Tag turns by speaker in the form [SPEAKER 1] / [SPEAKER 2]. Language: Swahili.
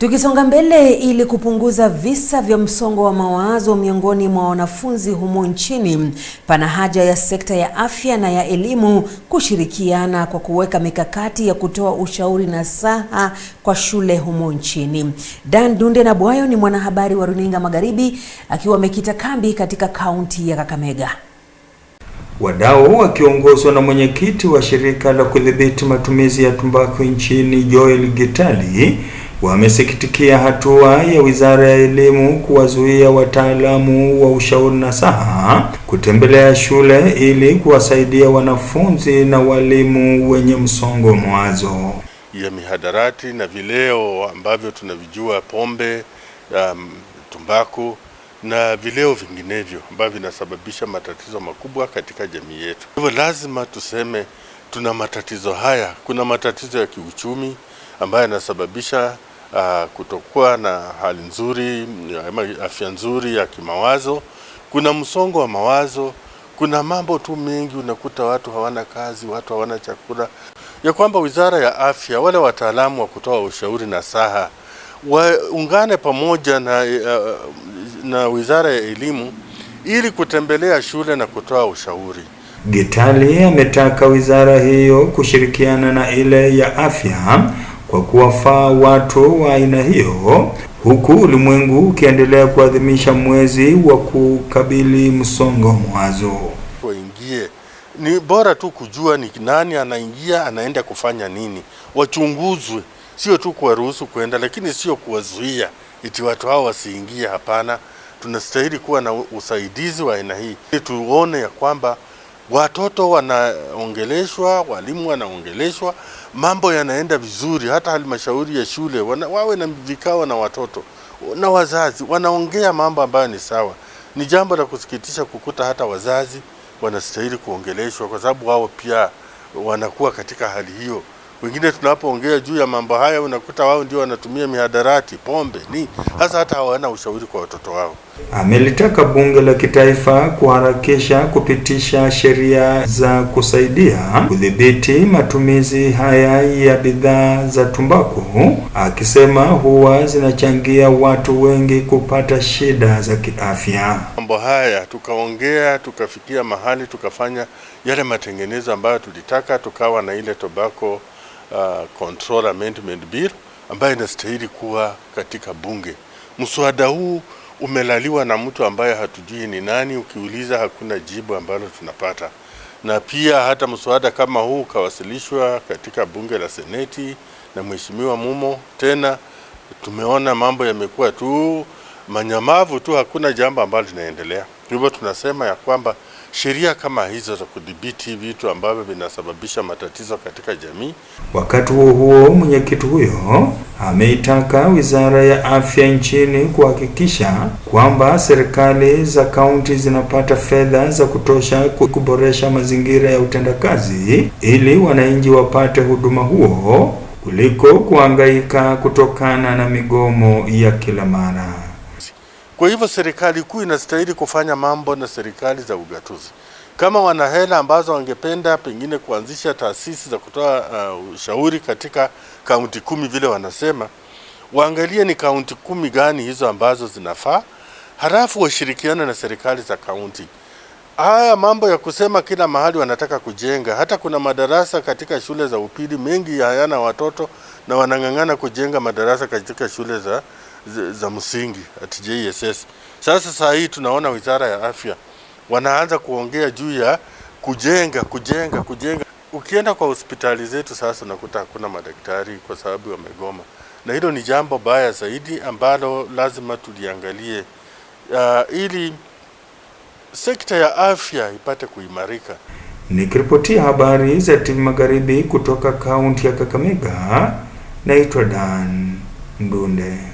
[SPEAKER 1] Tukisonga mbele, ili kupunguza visa vya msongo wa mawazo miongoni mwa wanafunzi humo nchini, pana haja ya sekta ya afya na ya elimu kushirikiana kwa kuweka mikakati ya kutoa ushauri na saha kwa shule humo nchini. Dan Dunde na bwayo ni mwanahabari wa Runinga Magharibi akiwa amekita kambi katika kaunti ya Kakamega.
[SPEAKER 2] Wadau wakiongozwa na mwenyekiti wa shirika la kudhibiti matumizi ya tumbaku nchini Joel Gitali wamesikitikia hatua ya Wizara ya Elimu kuwazuia wataalamu wa ushauri na saha kutembelea shule ili kuwasaidia wanafunzi na walimu wenye msongo mwazo
[SPEAKER 3] ya mihadarati na vileo ambavyo tunavijua, pombe, um, tumbaku na vileo vinginevyo ambavyo vinasababisha matatizo makubwa katika jamii yetu. Hivyo lazima tuseme tuna matatizo haya. Kuna matatizo ya kiuchumi ambayo yanasababisha uh, kutokuwa na hali nzuri, afya nzuri ya kimawazo. Kuna msongo wa mawazo, kuna mambo tu mengi, unakuta watu hawana kazi, watu hawana chakula, ya kwamba wizara ya afya, wale wataalamu wa kutoa ushauri na saha waungane pamoja na uh, na Wizara ya Elimu ili kutembelea shule na kutoa ushauri.
[SPEAKER 2] Gitali ametaka wizara hiyo kushirikiana na ile ya afya kwa kuwafaa watu wa aina hiyo, huku ulimwengu ukiendelea kuadhimisha mwezi wa kukabili msongo mwazo.
[SPEAKER 3] Waingie, ni bora tu kujua ni nani anaingia, anaenda kufanya nini, wachunguzwe, sio tu kuwaruhusu kuenda lakini sio kuwazuia iti watu hao wasiingie. Hapana, tunastahili kuwa na usaidizi wa aina hii ili tuone ya kwamba watoto wanaongeleshwa, walimu wanaongeleshwa, mambo yanaenda vizuri. Hata halmashauri ya shule wana, wawe na vikao na watoto na wazazi, wanaongea mambo ambayo ni sawa. Ni jambo la kusikitisha kukuta hata wazazi wanastahili kuongeleshwa, kwa sababu wao pia wanakuwa katika hali hiyo. Wengine tunapoongea juu ya mambo haya unakuta wao ndio wanatumia mihadarati, pombe, ni hasa hata hawana ushauri kwa watoto wao.
[SPEAKER 2] Amelitaka bunge la kitaifa kuharakisha kupitisha sheria za kusaidia kudhibiti matumizi haya ya bidhaa za tumbaku, akisema huwa zinachangia watu wengi kupata shida za kiafya.
[SPEAKER 3] Mambo haya tukaongea, tukafikia mahali tukafanya yale matengenezo ambayo tulitaka, tukawa na ile tobako uh, Control Amendment Bill ambayo inastahili kuwa katika bunge. Mswada huu umelaliwa na mtu ambaye hatujui ni nani, ukiuliza hakuna jibu ambalo tunapata. Na pia hata mswada kama huu ukawasilishwa katika bunge la Seneti na mheshimiwa Mumo, tena tumeona mambo yamekuwa tu manyamavu tu, hakuna jambo ambalo linaendelea. Hivyo tunasema ya kwamba sheria kama hizo za kudhibiti vitu ambavyo vinasababisha matatizo katika jamii.
[SPEAKER 2] Wakati huo huo, mwenyekiti huyo ameitaka Wizara ya Afya nchini kuhakikisha kwamba serikali za kaunti zinapata fedha za kutosha kuboresha mazingira ya utendakazi ili wananchi wapate huduma huo kuliko kuhangaika kutokana na migomo ya kila mara.
[SPEAKER 3] Kwa hivyo serikali kuu inastahili kufanya mambo na serikali za ugatuzi. Kama wana hela ambazo wangependa pengine kuanzisha taasisi za kutoa uh, ushauri katika kaunti kumi vile wanasema, waangalie ni kaunti kumi gani hizo ambazo zinafaa, halafu washirikiane na serikali za kaunti. Haya mambo ya kusema kila mahali wanataka kujenga, hata kuna madarasa katika shule za upili mengi hayana watoto na wanang'ang'ana kujenga madarasa katika shule za za msingi at JSS. Sasa saa hii tunaona Wizara ya Afya wanaanza kuongea juu ya kujenga kujenga kujenga. Ukienda kwa hospitali zetu sasa unakuta hakuna madaktari kwa sababu wamegoma, na hilo ni jambo baya zaidi ambalo lazima tuliangalie, uh, ili sekta ya afya ipate kuimarika.
[SPEAKER 2] Nikiripotia habari za TV Magharibi kutoka kaunti ya Kakamega, naitwa Dan Ndunde.